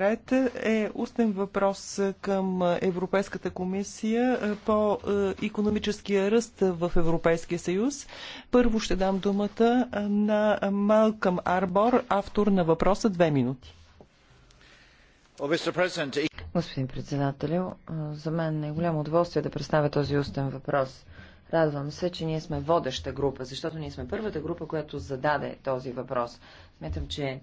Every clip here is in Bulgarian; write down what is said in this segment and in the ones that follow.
ред е устен въпрос към Европейската комисия по економическия ръст в Европейския съюз. Първо ще дам думата на Малкъм Арбор, автор на въпроса. Две минути. Господин председателю, е, за мен е голямо удоволствие да представя този устен въпрос. Радвам се, че ние сме водеща група, защото ние сме първата група, която зададе този въпрос. Сметам, че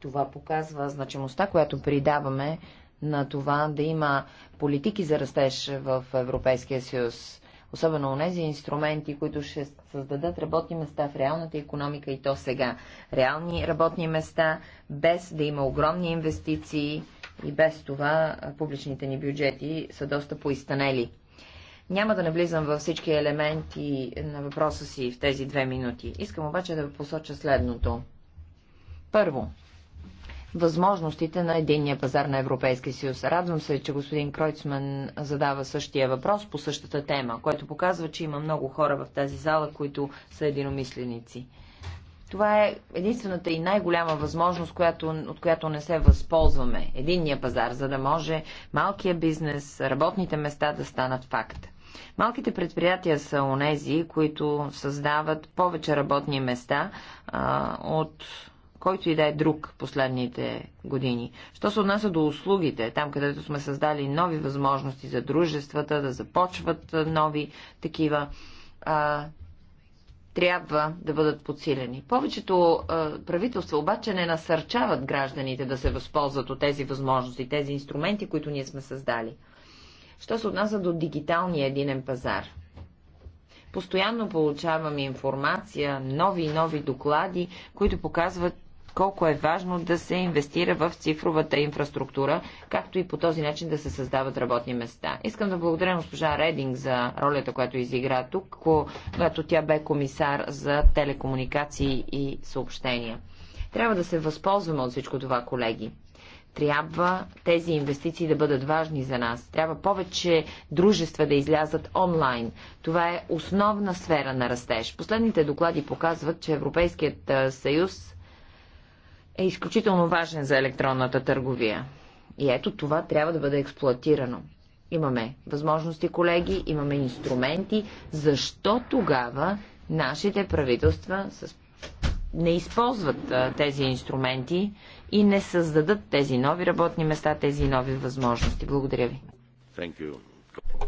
това показва значимостта, която придаваме на това да има политики за растеж в Европейския съюз. Особено у нези инструменти, които ще създадат работни места в реалната економика и то сега. Реални работни места, без да има огромни инвестиции и без това публичните ни бюджети са доста поистанели. Няма да навлизам във всички елементи на въпроса си в тези две минути. Искам обаче да посоча следното. Първо, възможностите на единния пазар на Европейския съюз. Радвам се, че господин Кройцман задава същия въпрос по същата тема, което показва, че има много хора в тази зала, които са единомисленици. Това е единствената и най-голяма възможност, която, от която не се възползваме. Единния пазар, за да може малкия бизнес, работните места да станат факт. Малките предприятия са онези, които създават повече работни места а, от който и да е друг последните години. Що се отнася до услугите, там където сме създали нови възможности за дружествата да започват нови такива, а, трябва да бъдат подсилени. Повечето а, правителства обаче не насърчават гражданите да се възползват от тези възможности, тези инструменти, които ние сме създали. Що се отнася до дигиталния единен пазар? Постоянно получаваме информация, нови и нови доклади, които показват, колко е важно да се инвестира в цифровата инфраструктура, както и по този начин да се създават работни места. Искам да благодаря госпожа Рединг за ролята, която изигра тук, когато тя бе комисар за телекомуникации и съобщения. Трябва да се възползваме от всичко това, колеги трябва тези инвестиции да бъдат важни за нас. Трябва повече дружества да излязат онлайн. Това е основна сфера на растеж. Последните доклади показват, че Европейският съюз е изключително важен за електронната търговия. И ето това трябва да бъде експлуатирано. Имаме възможности, колеги, имаме инструменти. Защо тогава нашите правителства с... не използват а, тези инструменти и не създадат тези нови работни места, тези нови възможности? Благодаря ви. Thank you.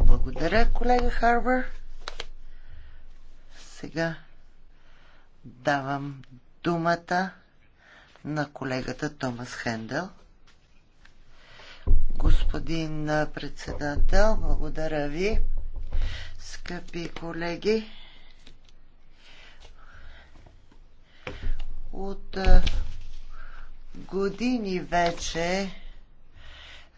Благодаря, колега Харбър. Сега давам думата на колегата Томас Хендел. Господин председател, благодаря ви. Скъпи колеги, от години вече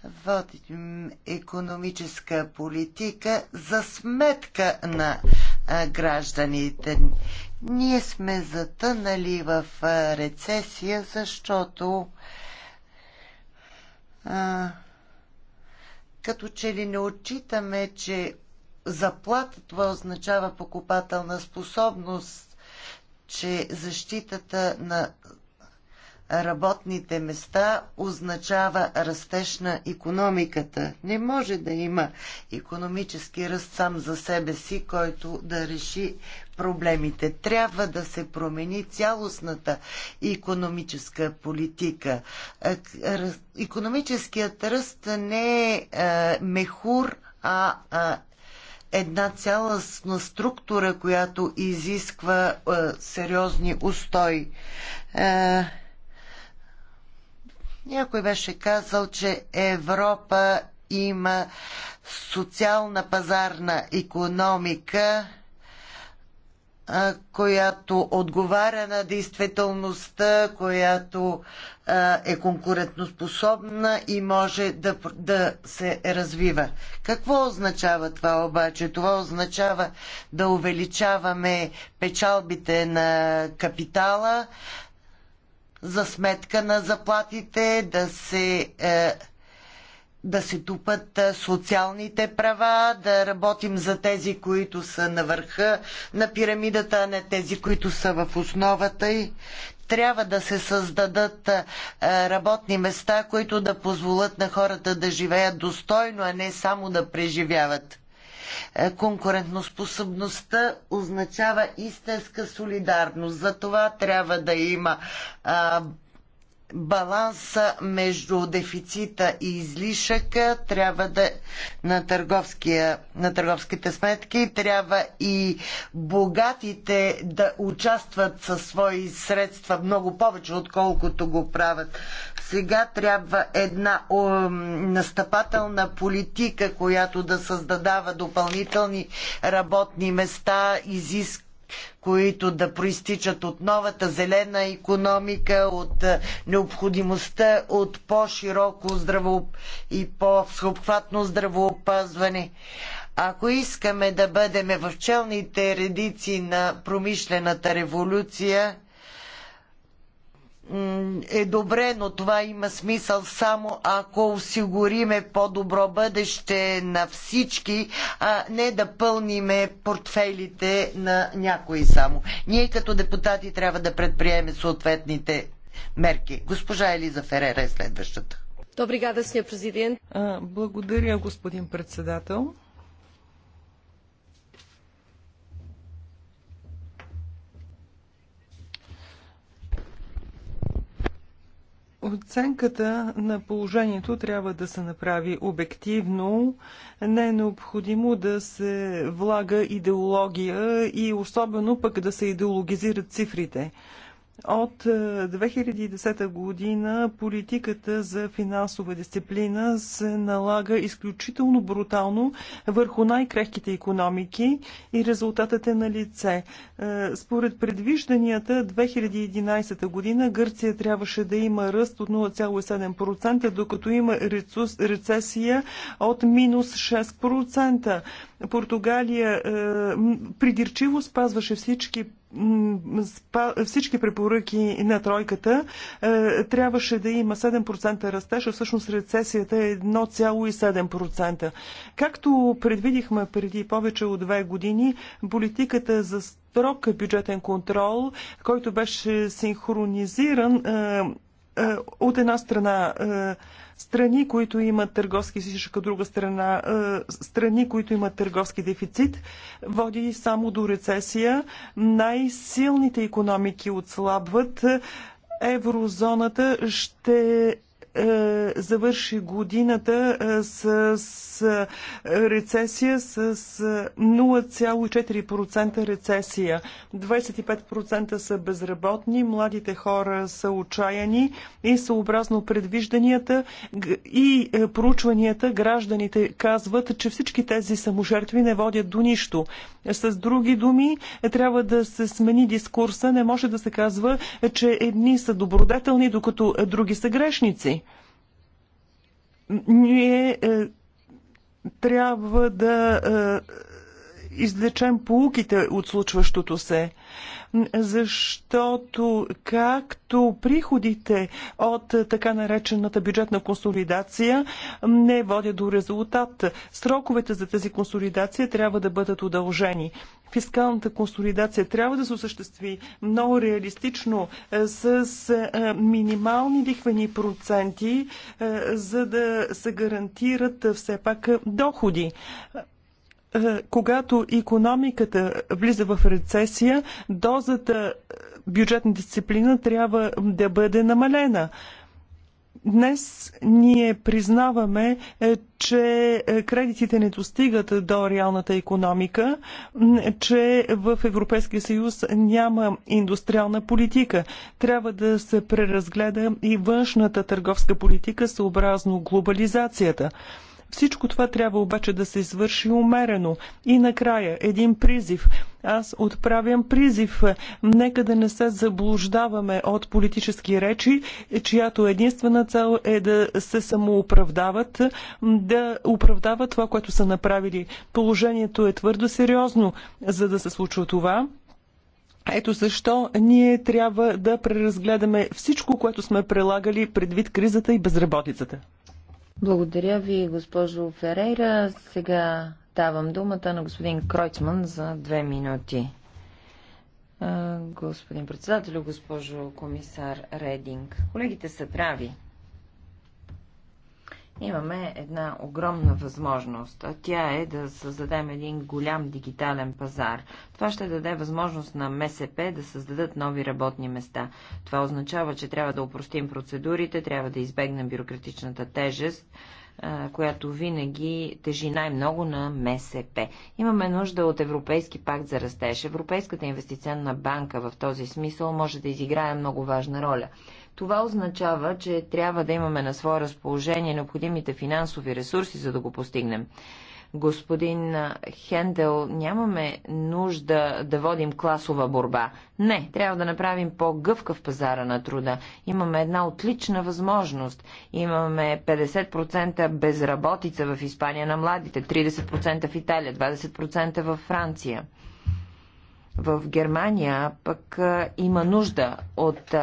водим економическа политика за сметка на гражданите. Ние сме затънали в рецесия, защото а, като че ли не отчитаме, че заплата това означава покупателна способност, че защитата на работните места означава растеж на економиката. Не може да има економически ръст сам за себе си, който да реши проблемите. Трябва да се промени цялостната економическа политика. Економическият ръст не е, е мехур, а една цялостна структура, която изисква е, сериозни устой. Е, някой беше казал, че Европа има социална пазарна економика, която отговаря на действителността, която е конкурентоспособна и може да, да се развива. Какво означава това обаче? Това означава да увеличаваме печалбите на капитала, за сметка на заплатите, да се, е, да се тупат е, социалните права, да работим за тези, които са на върха на пирамидата, а не тези, които са в основата й. Трябва да се създадат е, работни места, които да позволят на хората да живеят достойно, а не само да преживяват. Е, Конкурентноспособността означава истинска солидарност. За това трябва да има баланса между дефицита и излишъка трябва да на, на търговските сметки трябва и богатите да участват със свои средства много повече, отколкото го правят. Сега трябва една о, настъпателна политика, която да създадава допълнителни работни места, изисква които да проистичат от новата зелена економика, от е, необходимостта от по-широко здраво и по-всеобхватно здравоопазване. Ако искаме да бъдем в челните редици на промишлената революция, е добре, но това има смисъл само ако осигуриме по-добро бъдеще на всички, а не да пълниме портфейлите на някои само. Ние като депутати трябва да предприеме съответните мерки. Госпожа Елиза Ферера е следващата. Благодаря, господин председател. Оценката на положението трябва да се направи обективно. Не е необходимо да се влага идеология и особено пък да се идеологизират цифрите. От 2010 е, година политиката за финансова дисциплина се налага изключително брутално върху най-крехките економики и резултатът е на лице. Е, според предвижданията 2011 година Гърция трябваше да има ръст от 0,7%, докато има рецесия от минус 6%. Португалия е, придирчиво спазваше всички всички препоръки на тройката е, трябваше да има 7% растеж, а всъщност рецесията е 1,7%. Както предвидихме преди повече от две години, политиката за строг бюджетен контрол, който беше синхронизиран е, е, от една страна е, страни, които имат търговски излишък, от друга страна е, страни, които имат търговски дефицит, води само до рецесия. Най-силните економики отслабват. Еврозоната ще е, завърши годината е, с, с рецесия с 0,4% рецесия. 25% са безработни, младите хора са отчаяни и съобразно предвижданията и е, проучванията гражданите казват, че всички тези саможертви не водят до нищо. С други думи, трябва да се смени дискурса. Не може да се казва, че едни са добродетелни, докато други са грешници. Ние е, трябва да е, излечем полуките от случващото се. Защото както приходите от така наречената бюджетна консолидация не водят до резултат, сроковете за тази консолидация трябва да бъдат удължени. Фискалната консолидация трябва да се осъществи много реалистично е, с е, минимални лихвени проценти, е, за да се гарантират все пак доходи. Е, когато економиката влиза в рецесия, дозата е, бюджетна дисциплина трябва да бъде намалена. Днес ние признаваме, е, че кредитите не достигат до реалната економика, че в Европейския съюз няма индустриална политика. Трябва да се преразгледа и външната търговска политика съобразно глобализацията. Всичко това трябва обаче да се извърши умерено. И накрая един призив. Аз отправям призив. Нека да не се заблуждаваме от политически речи, чиято единствена цел е да се самоуправдават, да оправдават това, което са направили. Положението е твърдо сериозно, за да се случва това. Ето защо ние трябва да преразгледаме всичко, което сме прилагали предвид кризата и безработицата. Благодаря ви, госпожо Ферейра. Сега давам думата на господин Кройцман за две минути. Господин председател, госпожо комисар Рединг, колегите са прави. Имаме една огромна възможност, а тя е да създадем един голям дигитален пазар. Това ще даде възможност на МСП да създадат нови работни места. Това означава, че трябва да упростим процедурите, трябва да избегнем бюрократичната тежест, която винаги тежи най-много на МСП. Имаме нужда от Европейски пакт за растеж. Европейската инвестиционна банка в този смисъл може да изиграе много важна роля. Това означава, че трябва да имаме на свое разположение необходимите финансови ресурси, за да го постигнем господин Хендел, нямаме нужда да водим класова борба. Не, трябва да направим по-гъвкав пазара на труда. Имаме една отлична възможност. Имаме 50% безработица в Испания на младите, 30% в Италия, 20% в Франция в Германия пък има нужда от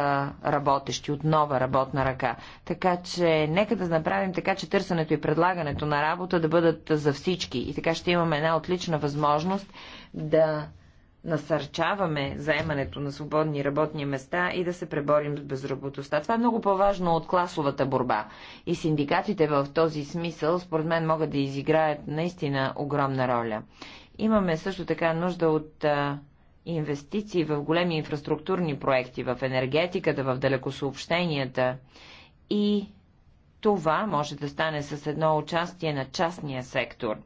работещи, от нова работна ръка. Така че нека да направим така, че търсенето и предлагането на работа да бъдат за всички. И така ще имаме една отлична възможност да насърчаваме заемането на свободни работни места и да се преборим с безработността. Това е много по-важно от класовата борба. И синдикатите в този смисъл, според мен, могат да изиграят наистина огромна роля. Имаме също така нужда от а, инвестиции в големи инфраструктурни проекти, в енергетиката, в далекосъобщенията. И това може да стане с едно участие на частния сектор.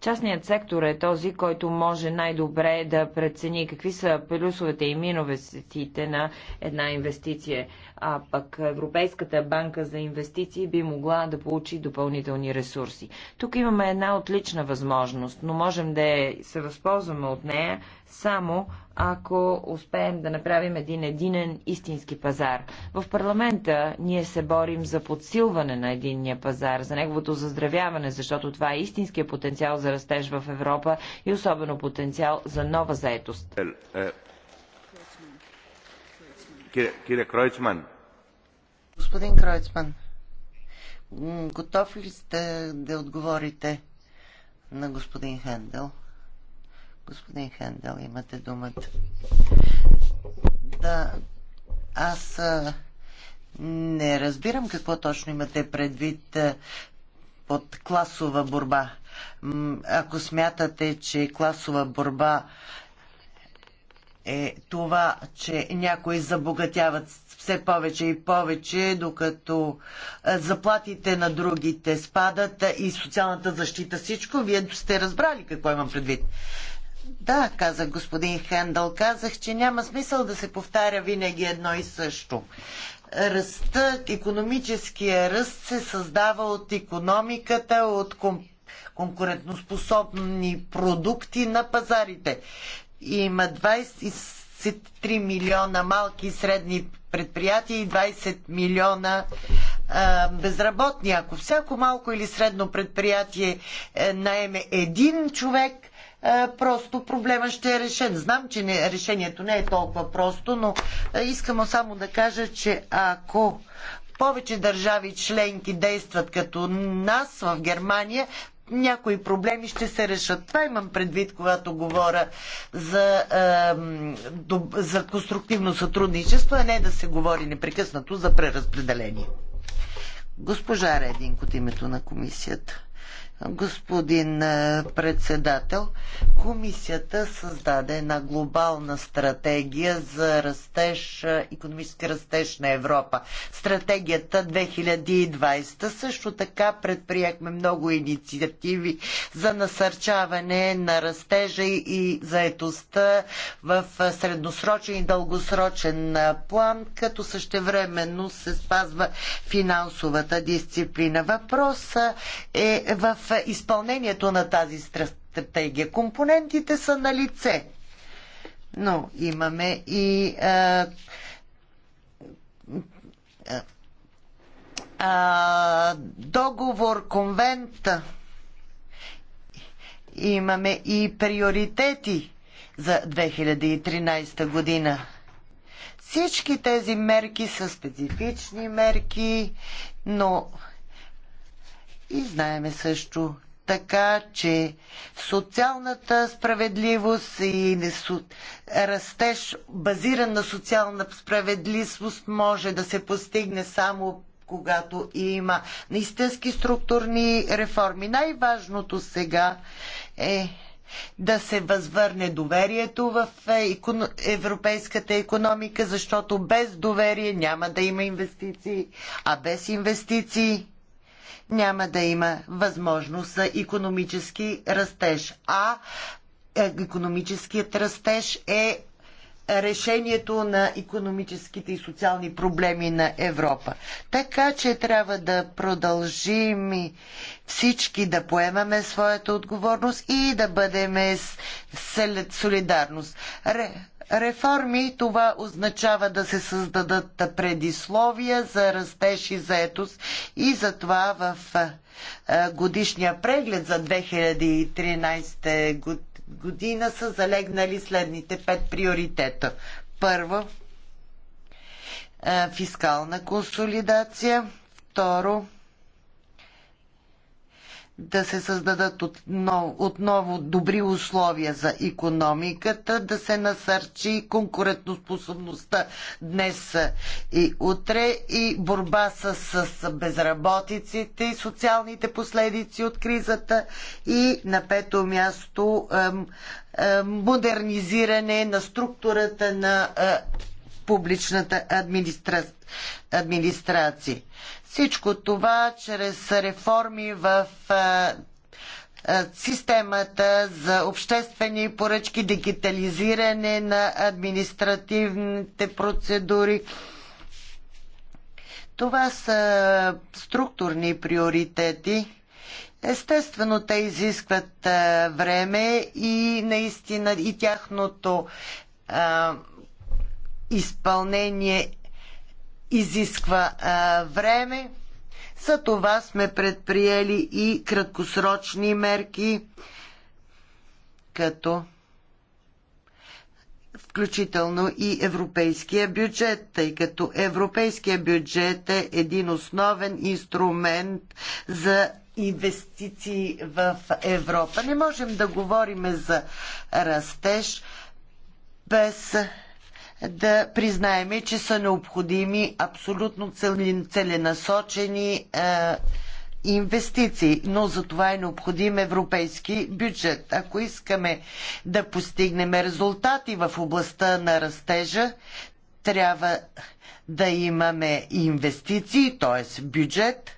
Частният сектор е този, който може най-добре да прецени какви са плюсовете и минусите на една инвестиция а пък Европейската банка за инвестиции би могла да получи допълнителни ресурси. Тук имаме една отлична възможност, но можем да се възползваме от нея само ако успеем да направим един единен истински пазар. В парламента ние се борим за подсилване на единния пазар, за неговото заздравяване, защото това е истинския потенциал за растеж в Европа и особено потенциал за нова заетост. Е, е, Господин Кройцман, готов ли сте да отговорите на господин Хендел? Господин Хендел, имате думата. Да, аз не разбирам какво точно имате предвид под класова борба. Ако смятате, че класова борба е това, че някои забогатяват все повече и повече, докато заплатите на другите спадат и социалната защита всичко. Вие сте разбрали какво имам предвид. Да, казах господин Хендъл. Казах, че няма смисъл да се повтаря винаги едно и също. Ръстът, економическия ръст се създава от економиката, от конкурентоспособни продукти на пазарите. Има 23 милиона малки и средни предприятия и 20 милиона безработни. Ако всяко малко или средно предприятие е, наеме един човек, просто проблема ще е решен. Знам, че не, решението не е толкова просто, но искам само да кажа, че ако повече държави членки действат като нас в Германия, някои проблеми ще се решат. Това имам предвид, когато говоря за, е, за конструктивно сътрудничество, а не да се говори непрекъснато за преразпределение. Госпожа Рединг от името на комисията. Господин е, председател, комисията създаде една глобална стратегия за растеж, економически растеж на Европа. Стратегията 2020 също така предприехме много инициативи за насърчаване на растежа и заетостта в е, средносрочен и дългосрочен е, план, като същевременно се спазва финансовата дисциплина. Въпросът е в изпълнението на тази стратегия. Компонентите са на лице, но имаме и а, а, договор, конвент, имаме и приоритети за 2013 година. Всички тези мерки са специфични мерки, но и знаеме също така, че социалната справедливост и растеж базиран на социална справедливост може да се постигне само когато има наистински структурни реформи. Най-важното сега е да се възвърне доверието в е, европейската економика, защото без доверие няма да има инвестиции, а без инвестиции няма да има възможност за економически растеж. А економическият растеж е решението на економическите и социални проблеми на Европа. Така че трябва да продължим и всички да поемаме своята отговорност и да бъдем солидарност реформи, това означава да се създадат предисловия за растеж и заетост и затова в годишния преглед за 2013 година са залегнали следните пет приоритета. Първо, фискална консолидация. Второ, да се създадат отново, отново добри условия за економиката, да се насърчи конкурентоспособността днес и утре и борба с, с безработиците и социалните последици от кризата и на пето място модернизиране на структурата на е, публичната администра... администрация. Всичко това чрез реформи в системата за обществени поръчки, дигитализиране на административните процедури. Това са структурни приоритети. Естествено, те изискват време и наистина и тяхното изпълнение изисква а, време. За това сме предприели и краткосрочни мерки, като включително и европейския бюджет, тъй като европейския бюджет е един основен инструмент за инвестиции в Европа. Не можем да говорим за растеж без да признаеме, че са необходими абсолютно целенасочени е, инвестиции, но за това е необходим европейски бюджет. Ако искаме да постигнем резултати в областта на растежа, трябва да имаме инвестиции, т.е. бюджет,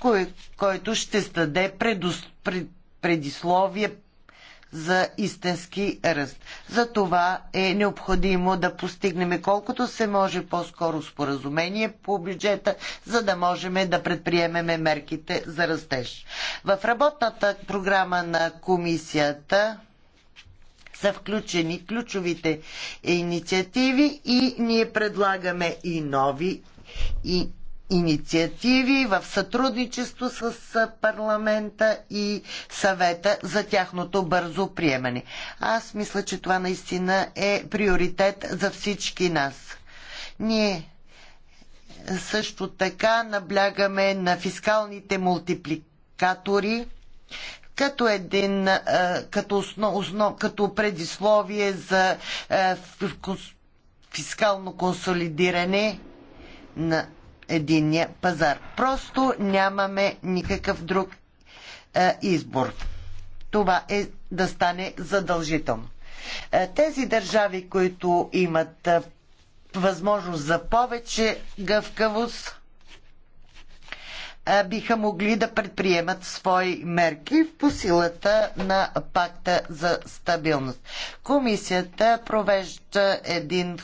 кой, който ще стаде предус, пред, предисловие, за истински ръст. За това е необходимо да постигнем колкото се може по-скоро споразумение по бюджета, за да можем да предприемеме мерките за растеж. В работната програма на комисията са включени ключовите инициативи и ние предлагаме и нови и инициативи в сътрудничество с парламента и съвета за тяхното бързо приемане. Аз мисля, че това наистина е приоритет за всички нас. Ние също така наблягаме на фискалните мултипликатори като един, като, основ, основ, като предисловие за фискално консолидиране на единния пазар. Просто нямаме никакъв друг е, избор. Това е да стане задължително. Е, тези държави, които имат е, възможност за повече гъвкавост, е, биха могли да предприемат свои мерки по силата на пакта за стабилност. Комисията провежда един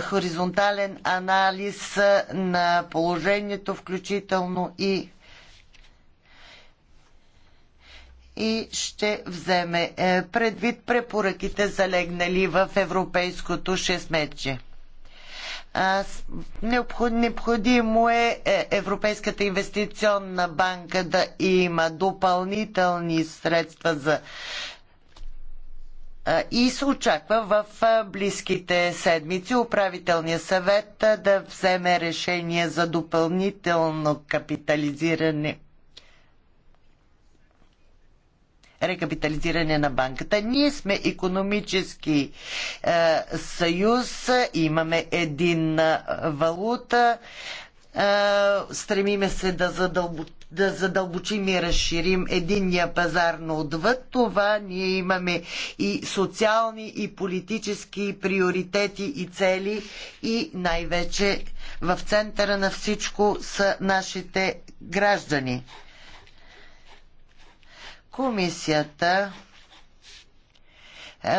хоризонтален анализ на положението, включително и и ще вземе е, предвид препоръките залегнали в европейското шестмече. Необходимо е, е Европейската инвестиционна банка да има допълнителни средства за и се очаква в близките седмици управителният съвет да вземе решение за допълнително капитализиране рекапитализиране на банката. Ние сме економически е, съюз, имаме един валута, е, стремиме се да задълбочим да задълбочим и разширим единния пазар, но отвъд това ние имаме и социални и политически приоритети и цели и най-вече в центъра на всичко са нашите граждани. Комисията е,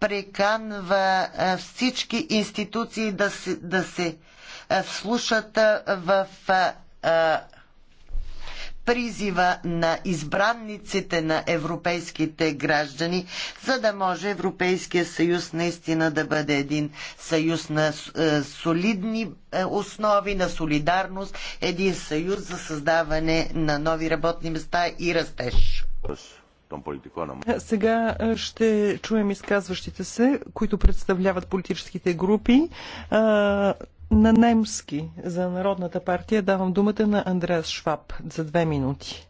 преканва е, всички институции да се, да се е, вслушат в призива на избранниците на европейските граждани, за да може Европейския съюз наистина да бъде един съюз на е, солидни е, основи, на солидарност, един съюз за създаване на нови работни места и растеж. Сега е, ще чуем изказващите се, които представляват политическите групи на немски за Народната партия давам думата на Андреас Шваб за две минути.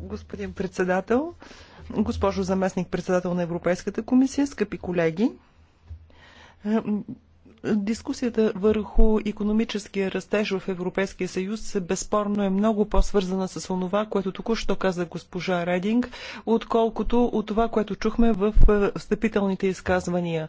Господин председател, госпожо заместник председател на Европейската комисия, скъпи колеги, Дискусията върху економическия растеж в Европейския съюз безспорно е много по-свързана с онова, което току-що каза госпожа Рединг, отколкото от това, което чухме в е, встъпителните изказвания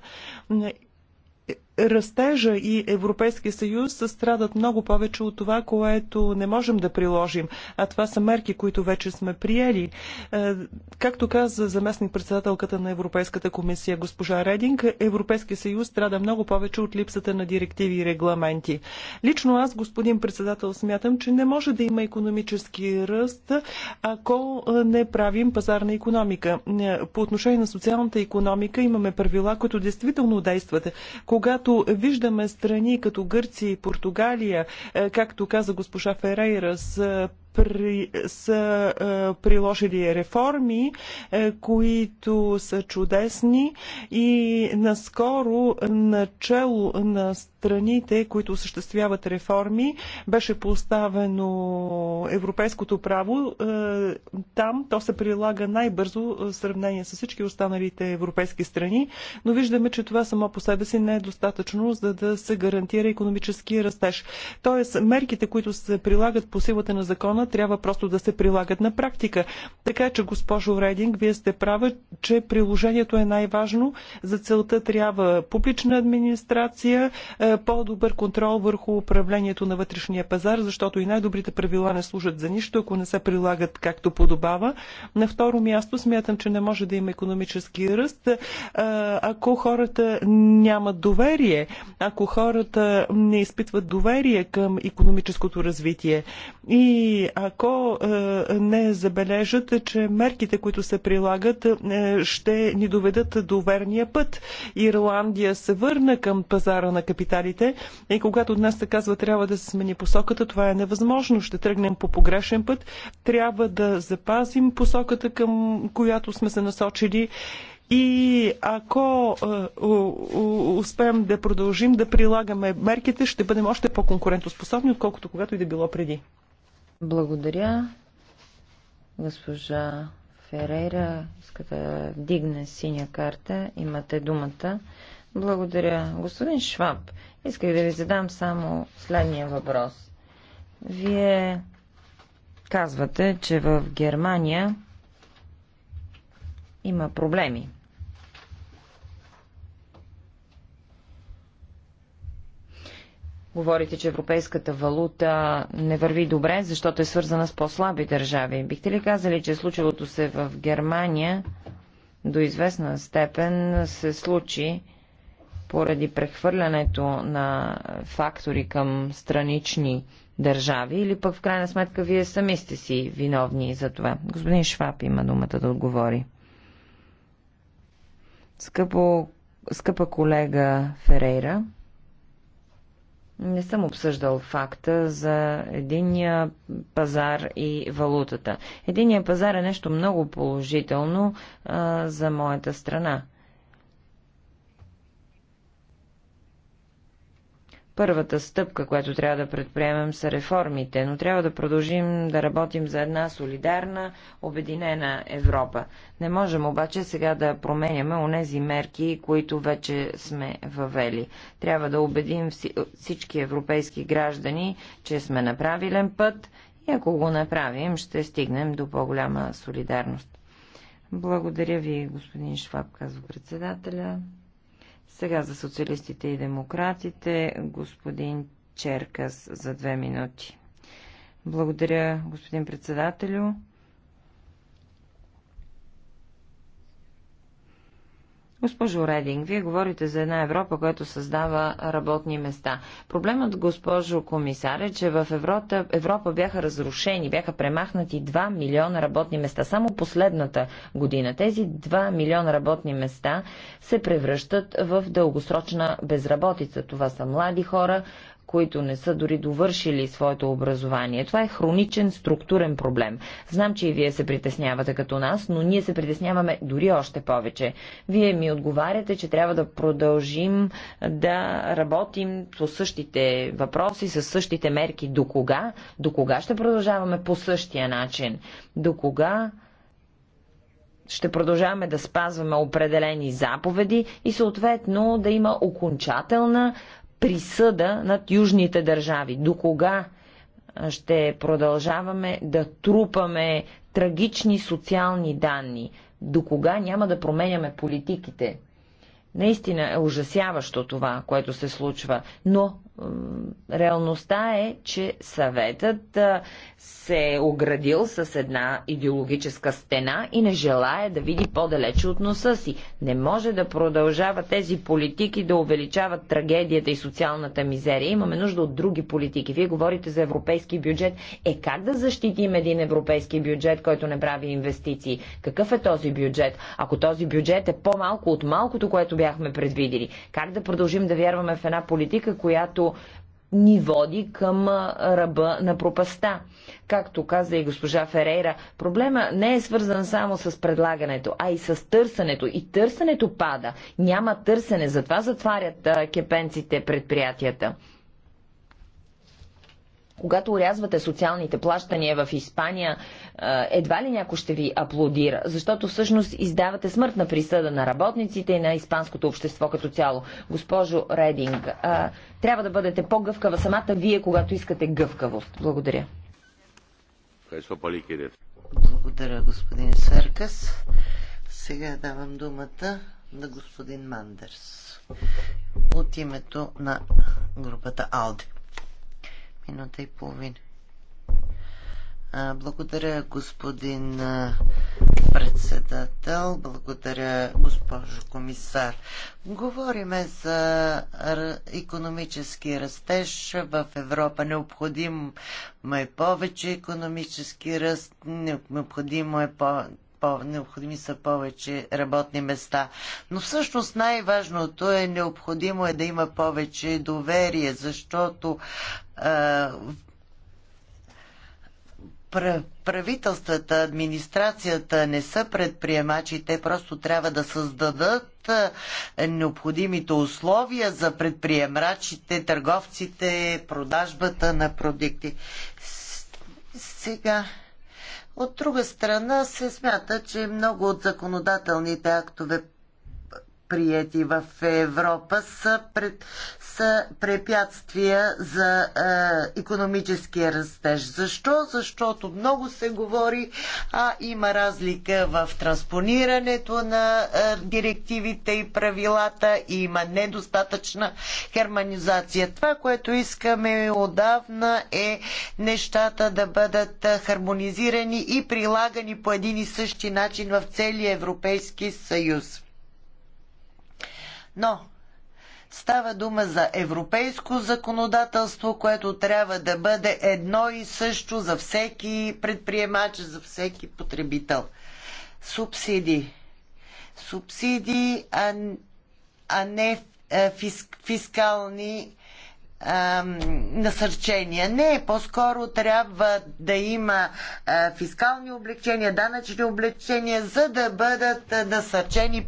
растежа и Европейския съюз страдат много повече от това, което не можем да приложим. А това са мерки, които вече сме приели. Е, както каза заместник председателката на Европейската комисия госпожа Рединг, Европейския съюз страда много повече от липсата на директиви и регламенти. Лично аз, господин председател, смятам, че не може да има економически ръст, ако е, не правим пазарна економика. Е, по отношение на социалната економика имаме правила, които действително действат. Когато когато виждаме страни като Гърция и Португалия, е, както каза госпожа Ферейра, с при, са е, приложили реформи, е, които са чудесни и наскоро начало на страните, които осъществяват реформи, беше поставено европейското право. Е, там то се прилага най-бързо в сравнение с всички останалите европейски страни, но виждаме, че това само по себе си не е достатъчно, за да се гарантира економически растеж. Тоест, мерките, които се прилагат по силата на закона, трябва просто да се прилагат на практика. Така че, госпожо Рейдинг, вие сте права, че приложението е най-важно. За целта трябва публична администрация, е, по-добър контрол върху управлението на вътрешния пазар, защото и най-добрите правила не служат за нищо, ако не се прилагат както подобава. На второ място смятам, че не може да има економически ръст, е, ако хората нямат доверие, ако хората не изпитват доверие към економическото развитие. И ако е, не забележат, че мерките, които се прилагат, е, ще ни доведат до верния път. Ирландия се върна към пазара на капиталите и когато днес се казва трябва да се смени посоката, това е невъзможно. Ще тръгнем по погрешен път. Трябва да запазим посоката, към която сме се насочили. И ако е, успеем да продължим да прилагаме мерките, ще бъдем още по-конкурентоспособни, отколкото когато и да било преди. Благодаря. Госпожа Ферейра иска да дигне синя карта. Имате думата. Благодаря. Господин Шваб, исках да ви задам само следния въпрос. Вие казвате, че в Германия има проблеми. Говорите, че европейската валута не върви добре, защото е свързана с по-слаби държави. Бихте ли казали, че случилото се в Германия до известна степен се случи поради прехвърлянето на фактори към странични държави или пък в крайна сметка вие сами сте си виновни за това? Господин Шваб има думата да отговори. Скъпо, скъпа колега Ферейра, не съм обсъждал факта за единия пазар и валутата. Единия пазар е нещо много положително а, за моята страна. Първата стъпка, която трябва да предприемем, са реформите, но трябва да продължим да работим за една солидарна, обединена Европа. Не можем обаче сега да променяме онези мерки, които вече сме въвели. Трябва да убедим всички европейски граждани, че сме на правилен път и ако го направим, ще стигнем до по-голяма солидарност. Благодаря ви, господин Шваб, казва председателя. Сега за социалистите и демократите, господин Черкас за две минути. Благодаря, господин председателю. Госпожо Рединг, вие говорите за една Европа, която създава работни места. Проблемът, госпожо комисар, е, че в Европа, Европа бяха разрушени, бяха премахнати 2 милиона работни места. Само последната година тези 2 милиона работни места се превръщат в дългосрочна безработица. Това са млади хора, които не са дори довършили своето образование. Това е хроничен структурен проблем. Знам, че и вие се притеснявате като нас, но ние се притесняваме дори още повече. Вие ми отговаряте, че трябва да продължим да работим по същите въпроси, с същите мерки. До кога? До кога ще продължаваме по същия начин? До кога? ще продължаваме да спазваме определени заповеди и съответно да има окончателна присъда над южните държави. До кога ще продължаваме да трупаме трагични социални данни? До кога няма да променяме политиките? Наистина е ужасяващо това, което се случва, но реалността е, че съветът се е оградил с една идеологическа стена и не желая да види по-далече от носа си. Не може да продължава тези политики да увеличават трагедията и социалната мизерия. Имаме нужда от други политики. Вие говорите за европейски бюджет. Е как да защитим един европейски бюджет, който не прави инвестиции? Какъв е този бюджет? Ако този бюджет е по-малко от малкото, което бяхме предвидели, как да продължим да вярваме в една политика, която ни води към ръба на пропаста. Както каза и госпожа Ферейра, проблема не е свързан само с предлагането, а и с търсенето. И търсенето пада. Няма търсене, затова затварят кепенците предприятията. Когато урязвате социалните плащания в Испания, едва ли някой ще ви аплодира, защото всъщност издавате смъртна присъда на работниците и на испанското общество като цяло. Госпожо Рединг, трябва да бъдете по-гъвкава самата вие, когато искате гъвкавост. Благодаря. Благодаря, господин Серкас. Сега давам думата на господин Мандерс от името на групата Алди. Минута и половина. Благодаря, господин председател. Благодаря, госпожо комисар. Говориме за економически растеж в Европа. Необходим е повече економически ръст, необходимо е по- по, необходими са повече работни места. Но всъщност най-важното е необходимо е да има повече доверие, защото а, правителствата, администрацията не са предприемачи, те просто трябва да създадат необходимите условия за предприемачите, търговците, продажбата на продукти. Сега от друга страна се смята, че много от законодателните актове прияти в Европа, са, пред, са препятствия за е, економическия растеж. Защо? Защото много се говори, а има разлика в транспонирането на е, директивите и правилата, и има недостатъчна хармонизация. Това, което искаме отдавна е нещата да бъдат хармонизирани и прилагани по един и същи начин в целия Европейски съюз. Но става дума за европейско законодателство, което трябва да бъде едно и също за всеки предприемач, за всеки потребител. Субсидии. Субсидии, а, а не е, фиск, фискални насърчения. Не, по-скоро трябва да има фискални облегчения, данъчни облегчения, за да бъдат насърчени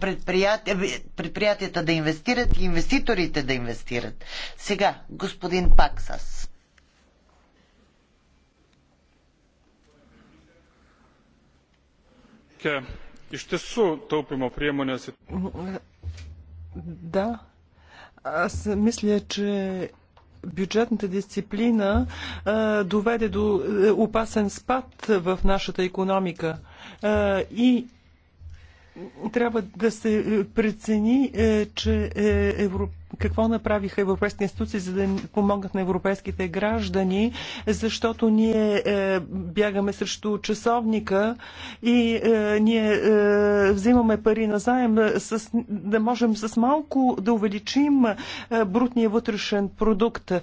предприятия, предприятията да инвестират и инвеститорите да инвестират. Сега, господин Паксас. Iš tiesų taupimo priemonės. Да, аз мисля, че бюджетната дисциплина а, доведе до е, опасен спад в нашата економика. А, и трябва да се е, прецени, е, че Европа какво направиха европейските институции, за да помогнат на европейските граждани, защото ние е, бягаме срещу часовника и е, ние е, взимаме пари назаем, е, с, да можем с малко да увеличим е, брутния вътрешен продукт. Е,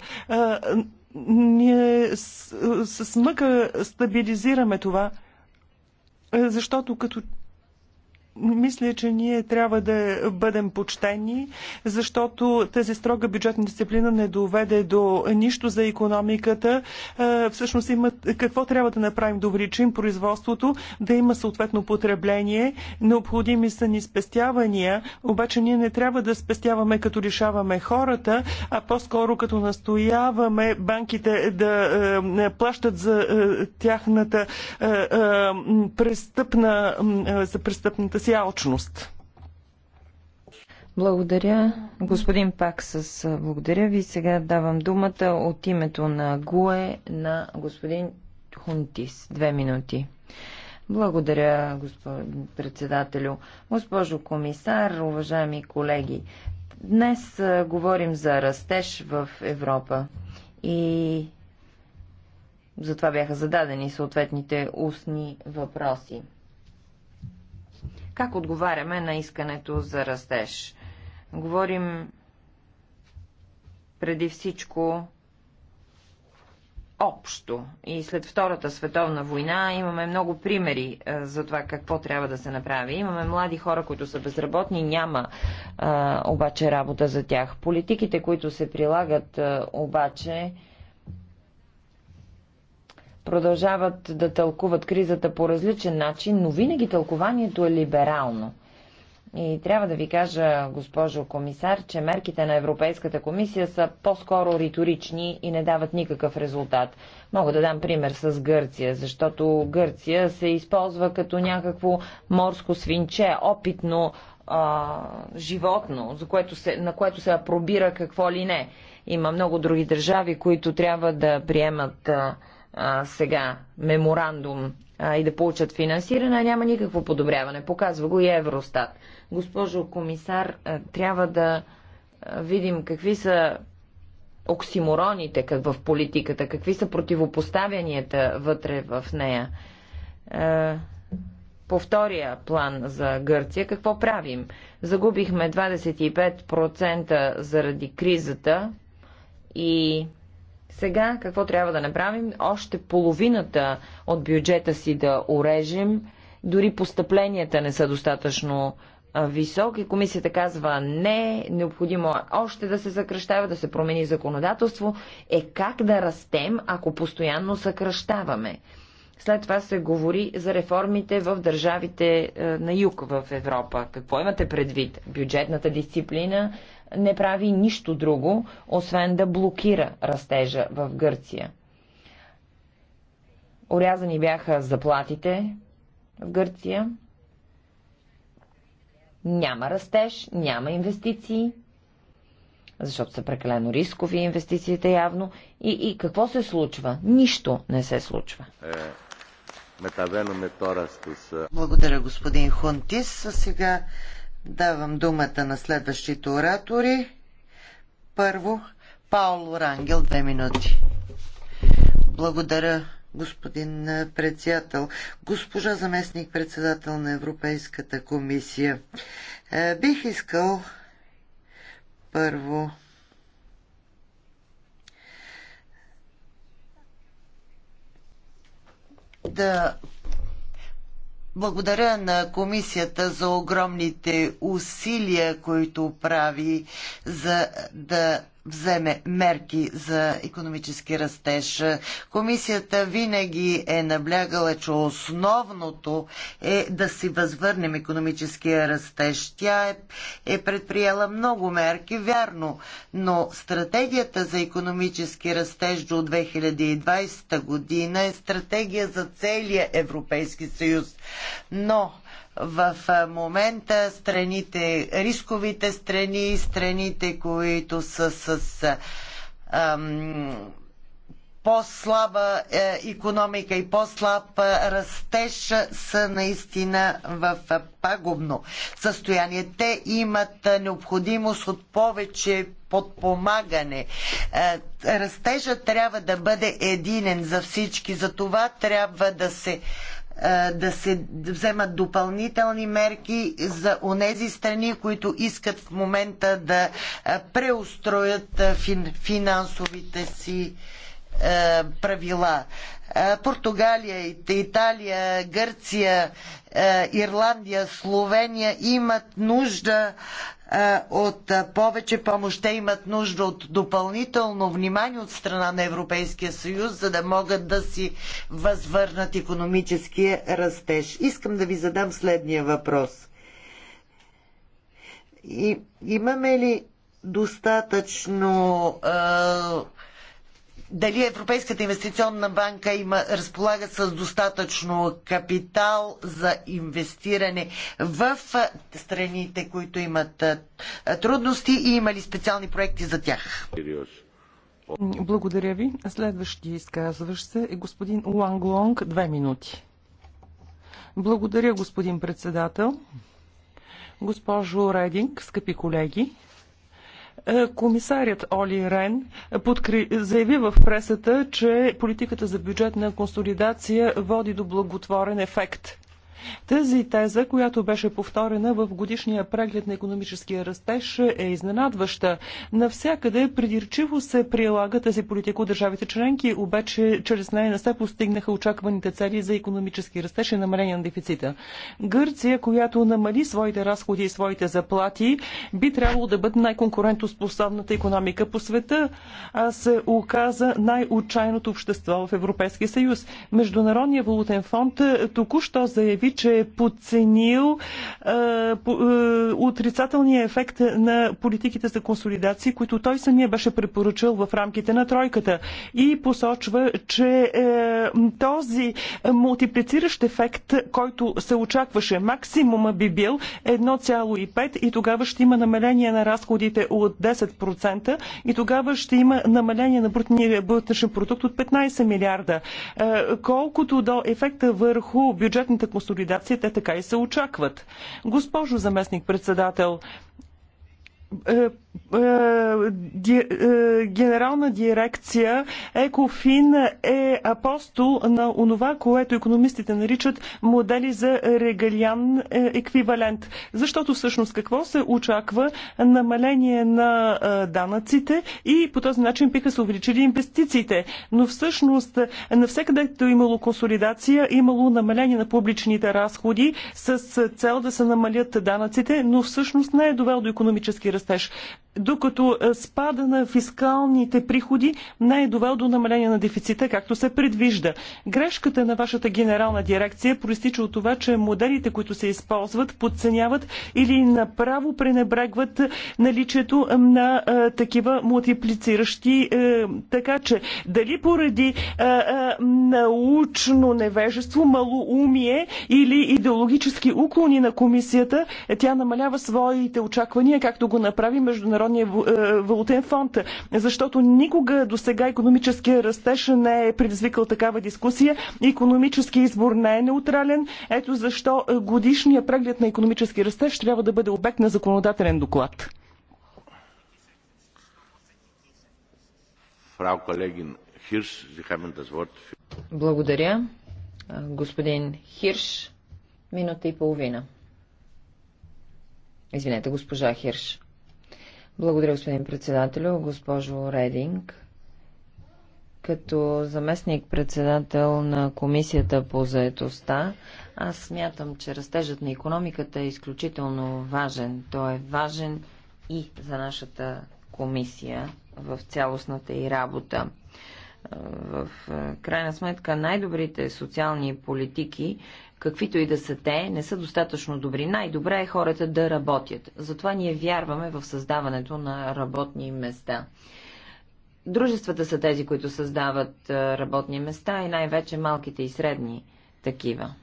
ние с, с мъка стабилизираме това, е, защото като мисля, че ние трябва да бъдем почтени, защото тази строга бюджетна дисциплина не доведе до нищо за економиката. Е, всъщност има какво трябва да направим? Да увеличим производството, да има съответно потребление. Необходими са ни спестявания, обаче ние не трябва да спестяваме като лишаваме хората, а по-скоро като настояваме банките да е, плащат за е, тяхната престъпна, за престъпната търся очност. Благодаря, господин Паксас. Благодаря ви. Сега давам думата от името на ГУЕ на господин Хунтис. Две минути. Благодаря, господин председателю. Госпожо комисар, уважаеми колеги, днес а, говорим за растеж в Европа и затова бяха зададени съответните устни въпроси. Как отговаряме на искането за растеж? Говорим преди всичко общо. И след Втората световна война имаме много примери а, е, за това какво трябва да се направи. Имаме млади хора, които са безработни, няма а, е, обаче работа за тях. Политиките, които се прилагат а, е, обаче, продължават да тълкуват кризата по различен начин, но винаги тълкованието е либерално. И трябва да ви кажа, госпожо комисар, че мерките на Европейската комисия са по-скоро риторични и не дават никакъв резултат. Мога да дам пример с Гърция, защото Гърция се използва като някакво морско свинче, опитно а, животно, за което се, на което се апробира какво ли не. Има много други държави, които трябва да приемат. А, а, сега меморандум а, и да получат финансиране, няма никакво подобряване. Показва го и Евростат. Госпожо комисар, а, трябва да видим какви са оксимороните как в политиката, какви са противопоставянията вътре в нея. А, по втория план за Гърция, какво правим? Загубихме 25% заради кризата и сега какво трябва да направим? Още половината от бюджета си да урежем. Дори постъпленията не са достатъчно високи. комисията казва не, необходимо е още да се съкръщава, да се промени законодателство, е как да растем, ако постоянно съкръщаваме. След това се говори за реформите в държавите на юг в Европа. Какво имате предвид? Бюджетната дисциплина, не прави нищо друго, освен да блокира растежа в Гърция. Орязани бяха заплатите в Гърция. Няма растеж, няма инвестиции, защото са прекалено рискови инвестициите явно. И, и какво се случва? Нищо не се случва. Е, е. Благодаря, господин Хунтис. Сега Давам думата на следващите оратори. Първо, Пауло Рангел, две минути. Благодаря, господин председател. Госпожа заместник председател на Европейската комисия. Е, бих искал първо да благодаря на комисията за огромните усилия, които прави за да вземе мерки за економически растеж. Комисията винаги е наблягала, че основното е да си възвърнем економическия растеж. Тя е, е предприела много мерки, вярно, но стратегията за економически растеж до 2020 година е стратегия за целия Европейски съюз. Но в момента страните, рисковите страни, страните, които са с ам, по-слаба економика и по-слаб растеж са наистина в пагубно състояние. Те имат необходимост от повече подпомагане. Е, растежът трябва да бъде единен за всички. За това трябва да се е, да се вземат допълнителни мерки за онези страни, които искат в момента да е, преустроят е, финансовите си правила. Португалия, Италия, Гърция, Ирландия, Словения имат нужда е, от е, повече помощ. Те имат нужда от допълнително внимание от страна на Европейския съюз, за да могат да си възвърнат економическия растеж. Искам да ви задам следния въпрос. И, имаме ли достатъчно а, е, дали Европейската инвестиционна банка има, разполага с достатъчно капитал за инвестиране в страните, които имат трудности и има ли специални проекти за тях? Благодаря ви. Следващия изказващ се е господин Уанг Лонг. Две минути. Благодаря, господин председател. Госпожо Рединг, скъпи колеги, е, комисарят Оли Рен заяви в пресата, че политиката за бюджетна консолидация води до благотворен ефект. Тази теза, която беше повторена в годишния преглед на економическия растеж, е изненадваща. Навсякъде придирчиво се прилага тази политика от държавите членки, обаче чрез нея не се постигнаха очакваните цели за економически растеж и намаление на дефицита. Гърция, която намали своите разходи и своите заплати, би трябвало да бъде най-конкурентоспособната економика по света, а се оказа най-отчаяното общество в Европейския съюз. Международният валутен фонд току-що заяви, че е подценил е, по, е, отрицателния ефект на политиките за консолидации, които той самия беше препоръчал в рамките на тройката и посочва, че е, този мултиплициращ ефект, който се очакваше, максимума би бил 1,5 и тогава ще има намаление на разходите от 10% и тогава ще има намаление на брутния вътрешен продукт от 15 милиарда. Е, колкото до ефекта върху бюджетната консолидация, консолидация, те така и се очакват. Госпожо заместник председател, е, е, е, генерална дирекция Екофин е апостол на онова, което економистите наричат модели за регалиан е, еквивалент. Защото всъщност какво се очаква? Намаление на данъците и по този начин биха се увеличили инвестициите. Но всъщност е имало консолидация, имало намаление на публичните разходи с цел да се намалят данъците, но всъщност не е довел до економически растеж докато е, спада на фискалните приходи не е довел до намаление на дефицита, както се предвижда. Грешката на вашата генерална дирекция проистича от това, че моделите, които се използват, подценяват или направо пренебрегват наличието на а, е, такива мултиплициращи. А, е, така че, дали поради а, а, научно невежество, малоумие или идеологически уклони на комисията, тя намалява своите очаквания, както го направи международно Международния е, валутен фонд, защото никога до сега економическия растеж не е предизвикал такава дискусия. Економически избор не е неутрален. Ето защо е, годишния преглед на економически растеж трябва да бъде обект на законодателен доклад. Фрау колегин Хирш, Благодаря. Господин Хирш, минута и половина. Извинете, госпожа Хирш. Благодаря, господин председател, госпожо Рединг. Като заместник-председател на Комисията по заетостта, аз смятам, че растежът на економиката е изключително важен. Той е важен и за нашата комисия в цялостната и работа. Е, в е, крайна сметка най-добрите социални политики каквито и да са те, не са достатъчно добри. Най-добре е хората да работят. Затова ние вярваме в създаването на работни места. Дружествата са тези, които създават е, работни места и най-вече малките и средни такива.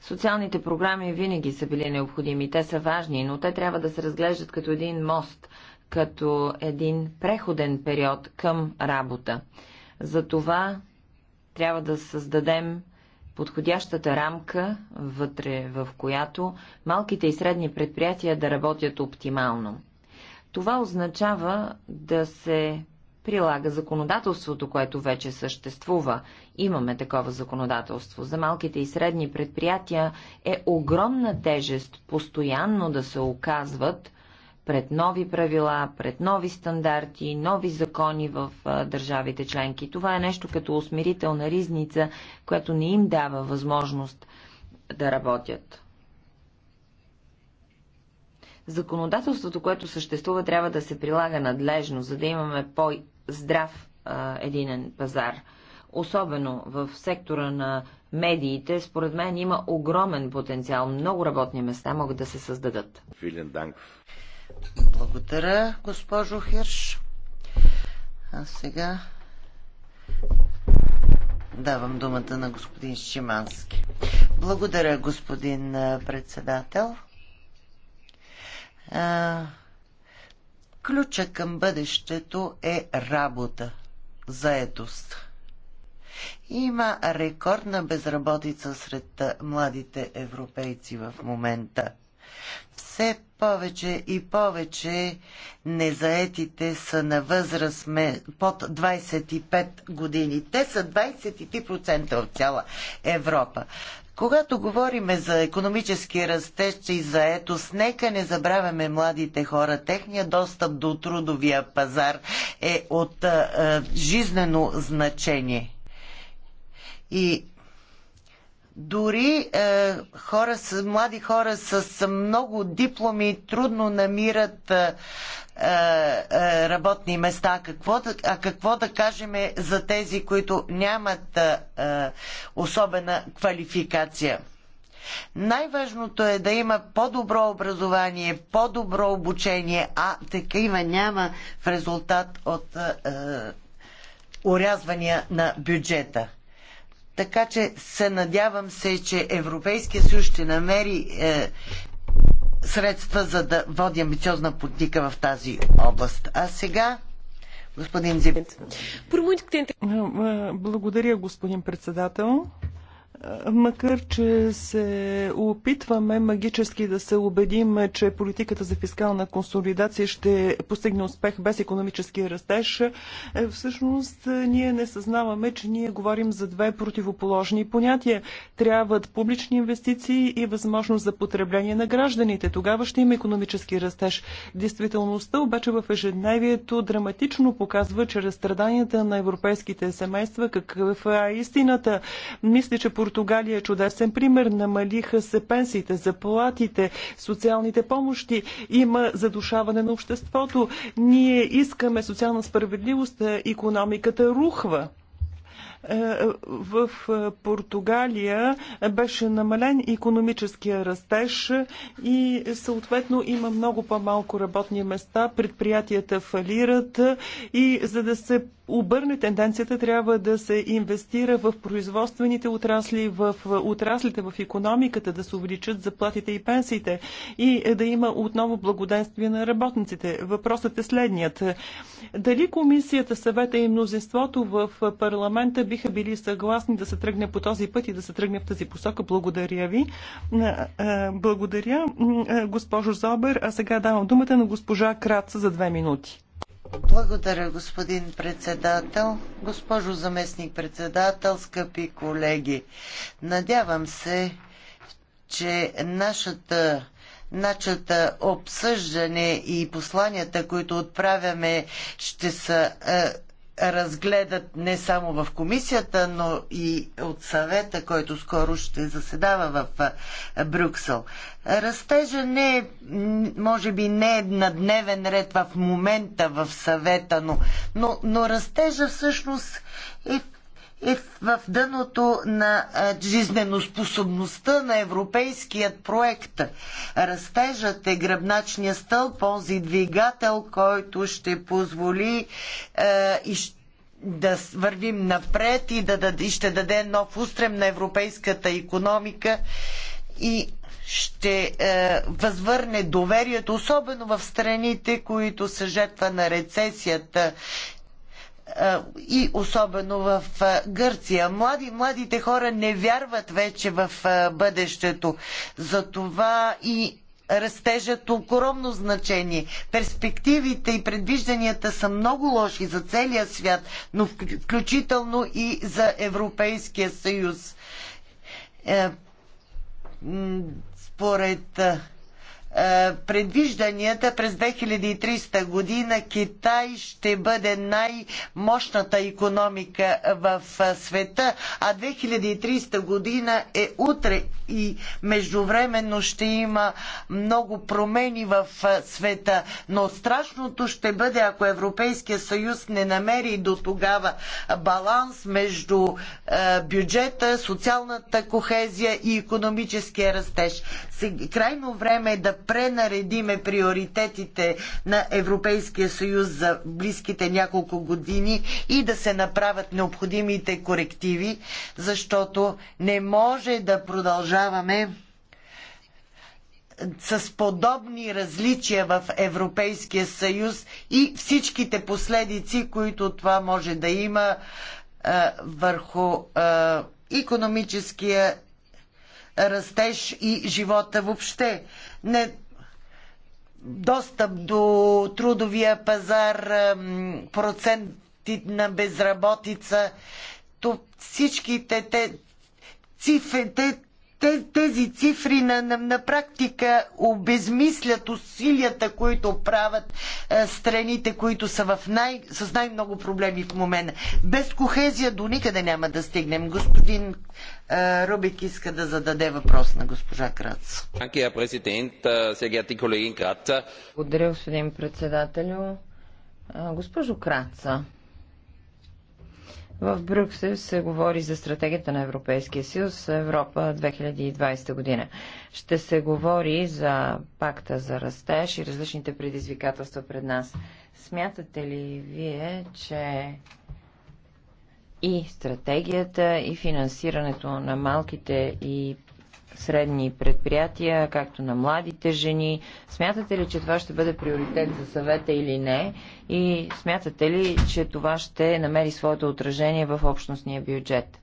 Социалните програми винаги са били необходими, те са важни, но те трябва да се разглеждат като един мост, като един преходен период към работа. Затова трябва да създадем подходящата рамка, вътре в която малките и средни предприятия да работят оптимално. Това означава да се прилага законодателството, което вече съществува. Имаме такова законодателство. За малките и средни предприятия е огромна тежест постоянно да се оказват пред нови правила, пред нови стандарти, нови закони в държавите членки. Това е нещо като усмирителна ризница, която не им дава възможност да работят. Законодателството, което съществува, трябва да се прилага надлежно, за да имаме по-здрав единен пазар. Особено в сектора на медиите, според мен има огромен потенциал. Много работни места могат да се създадат. Благодаря, госпожо Хирш. А сега давам думата на господин Шимански. Благодаря, господин председател. А, ключа към бъдещето е работа, заедост. Има рекордна безработица сред младите европейци в момента – все повече и повече незаетите са на възраст под 25 години. Те са 23% от цяла Европа. Когато говорим за економически растеж и заетост, нека не забравяме младите хора. Техният достъп до трудовия пазар е от а, а, жизнено значение. И дори е, хора с, млади хора с много дипломи трудно намират е, е, е работни места. Какво, а какво да кажем е за тези, които нямат е, е, особена квалификация? Най-важното е да има по-добро образование, по-добро обучение, а такива няма в резултат от е, урязвания на бюджета. Така че се надявам се, че Европейския съюз ще намери е, средства за да води амбициозна политика в тази област. А сега господин Зибет. Благодаря, господин председател. Е, макар, че се опитваме магически да се убедим, че политиката за фискална консолидация ще постигне успех без економически растеж, е, всъщност е, ние не съзнаваме, че ние говорим за две противоположни понятия. Трябват публични инвестиции и възможност за потребление на гражданите. Тогава ще има економически растеж. Действителността обаче в ежедневието драматично показва че разстраданията на европейските семейства какъв е истината. Мисля, че по Португалия е чудесен пример. Намалиха се пенсиите, заплатите, социалните помощи. Има задушаване на обществото. Ние искаме социална справедливост, економиката рухва. Е, в е, Португалия беше намален економическия растеж и съответно има много по-малко работни места, предприятията фалират и за да се обърне тенденцията, трябва да се инвестира в производствените отрасли, в отраслите, в економиката, да се увеличат заплатите и пенсиите и е, да има отново благоденствие на работниците. Въпросът е следният. Дали комисията, съвета и мнозинството в парламент момента биха били съгласни да се тръгне по този път и да се тръгне в тази посока. Благодаря ви. Благодаря, госпожо Зобер. А сега давам думата на госпожа Краца за две минути. Благодаря, господин председател. Госпожо заместник председател, скъпи колеги, надявам се, че нашата начата обсъждане и посланията, които отправяме, ще са е, разгледат не само в комисията, но и от съвета, който скоро ще заседава в Брюксел. Растежа не е, може би не е на дневен ред в момента в съвета, но, но, но растежа всъщност е е в дъното на е, жизненоспособността на европейският проект. Растежът е гръбначния стълб, онзи двигател, който ще позволи е, и да вървим напред и, да, да, и ще даде нов устрем на европейската економика и ще е, възвърне доверието, особено в страните, които са жертва на рецесията и особено в Гърция. Млади, младите хора не вярват вече в бъдещето. Затова и растежат е огромно значение. Перспективите и предвижданията са много лоши за целия свят, но включително и за Европейския съюз. Е, според е, предвижданията през 2300 година Китай ще бъде най-мощната економика в е, света, а 2300 година е утре и междувременно ще има много промени в е, света. Но страшното ще бъде, ако Европейския съюз не намери до тогава баланс между бюджета, социалната кохезия и економическия растеж. Крайно време е да да пренаредиме приоритетите на Европейския съюз за близките няколко години и да се направят необходимите корективи, защото не може да продължаваме с подобни различия в Европейския съюз и всичките последици, които това може да има а, върху а, економическия растеж и живота въобще не, достъп до трудовия пазар, проценти на безработица, то всичките те, цифрите, тези цифри на, на, на практика обезмислят усилията, които правят е, страните, които са в най, с най-много проблеми в момента. Без кохезия до никъде няма да стигнем. Господин е, Рубик иска да зададе въпрос на госпожа Крац. Е, Благодаря, господин председателю. Е, госпожо Краца, в Брюксел се говори за стратегията на Европейския съюз Европа 2020 година. Ще се говори за пакта за растеж и различните предизвикателства пред нас. Смятате ли вие, че и стратегията, и финансирането на малките и средни предприятия, както на младите жени. Смятате ли, че това ще бъде приоритет за съвета или не? И смятате ли, че това ще намери своето отражение в общностния бюджет?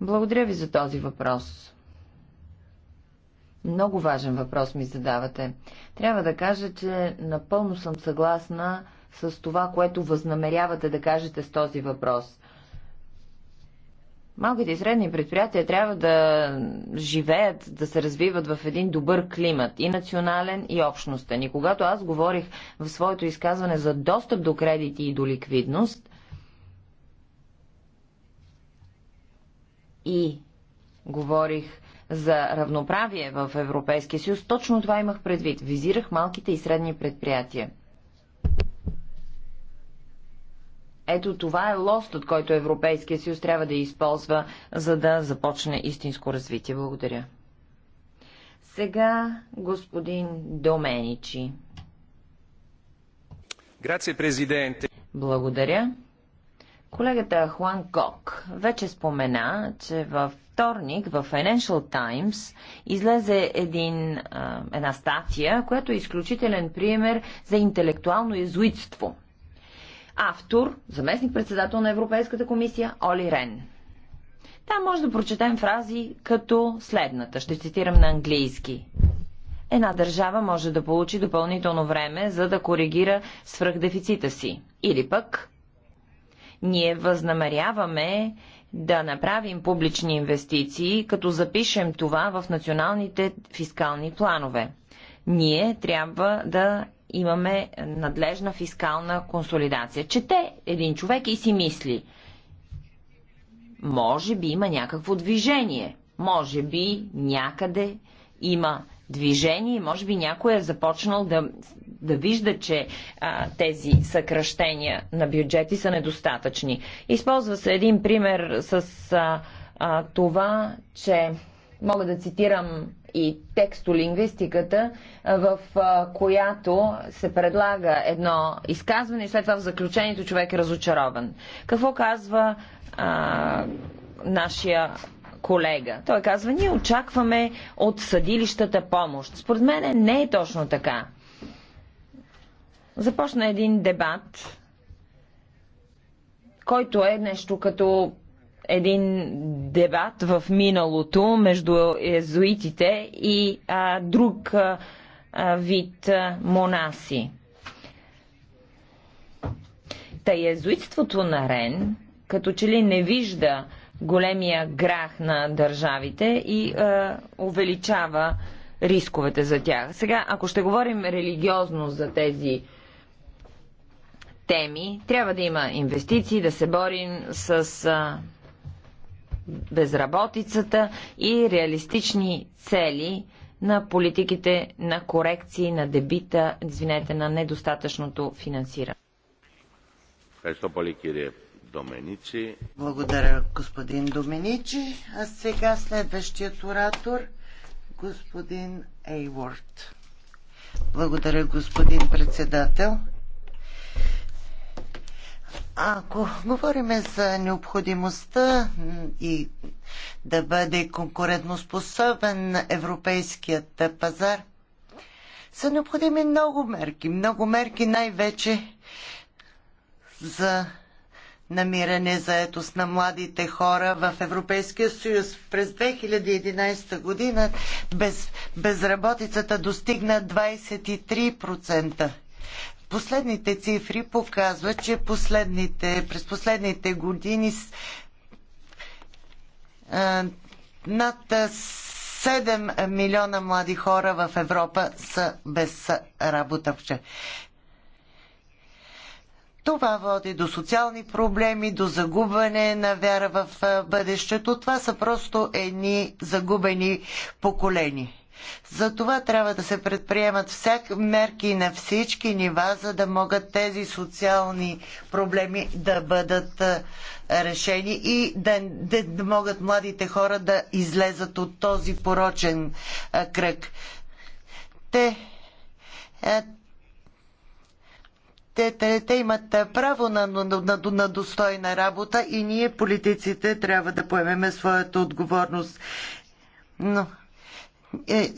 Благодаря ви за този въпрос. Много важен въпрос ми задавате. Трябва да кажа, че напълно съм съгласна с това, което възнамерявате да кажете с този въпрос. Малките и средни предприятия трябва да живеят, да се развиват в един добър климат, и национален, и общностен. И когато аз говорих в своето изказване за достъп до кредити и до ликвидност, и говорих за равноправие в Европейския съюз, точно това имах предвид. Визирах малките и средни предприятия. Ето това е лост, от който Европейския съюз трябва да използва, за да започне истинско развитие. Благодаря. Сега господин Доменичи. Грация, президенте. Благодаря. Колегата Хуан Кок вече спомена, че във вторник в Financial Times излезе един, една статия, която е изключителен пример за интелектуално езуитство – Автор, заместник-председател на Европейската комисия Оли Рен. Там може да прочетем фрази като следната. Ще цитирам на английски. Една държава може да получи допълнително време, за да коригира свръхдефицита си. Или пък ние възнамеряваме да направим публични инвестиции, като запишем това в националните фискални планове. Ние трябва да имаме надлежна фискална консолидация. Чете един човек и си мисли, може би има някакво движение, може би някъде има движение, може би някой е започнал да, да вижда, че а, тези съкръщения на бюджети са недостатъчни. Използва се един пример с а, а, това, че мога да цитирам и текстолингвистиката, в която се предлага едно изказване и след това в заключението човек е разочарован. Какво казва а, нашия колега. Той казва, ние очакваме от съдилищата помощ. Според мен не е точно така. Започна един дебат, който е нещо като един дебат в миналото между езуитите и а, друг а, вид а, монаси. Та езуитството на Рен като че ли не вижда големия грах на държавите и а, увеличава рисковете за тях. Сега, ако ще говорим религиозно за тези теми, трябва да има инвестиции, да се борим с а, безработицата и реалистични цели на политиките на корекции на дебита, извинете, на недостатъчното финансиране. Благодаря, господин Доменичи. А сега следващият оратор, господин Ейворд. Благодаря, господин председател. Ако говорим за необходимостта и да бъде конкурентоспособен европейският пазар, са необходими много мерки. Много мерки най-вече за намиране за етос на младите хора в Европейския съюз. През 2011 година без, безработицата достигна 23%. Последните цифри показват, че последните, през последните години над 7 милиона млади хора в Европа са без работа. Това води до социални проблеми, до загубване на вяра в бъдещето. Това са просто едни загубени поколени. За това трябва да се предприемат всяка мерки на всички нива, за да могат тези социални проблеми да бъдат решени и да, да, могат младите хора да излезат от този порочен кръг. Те те, те, те, имат право на, на, на, на, достойна работа и ние, политиците, трябва да поемеме своята отговорност. Но е,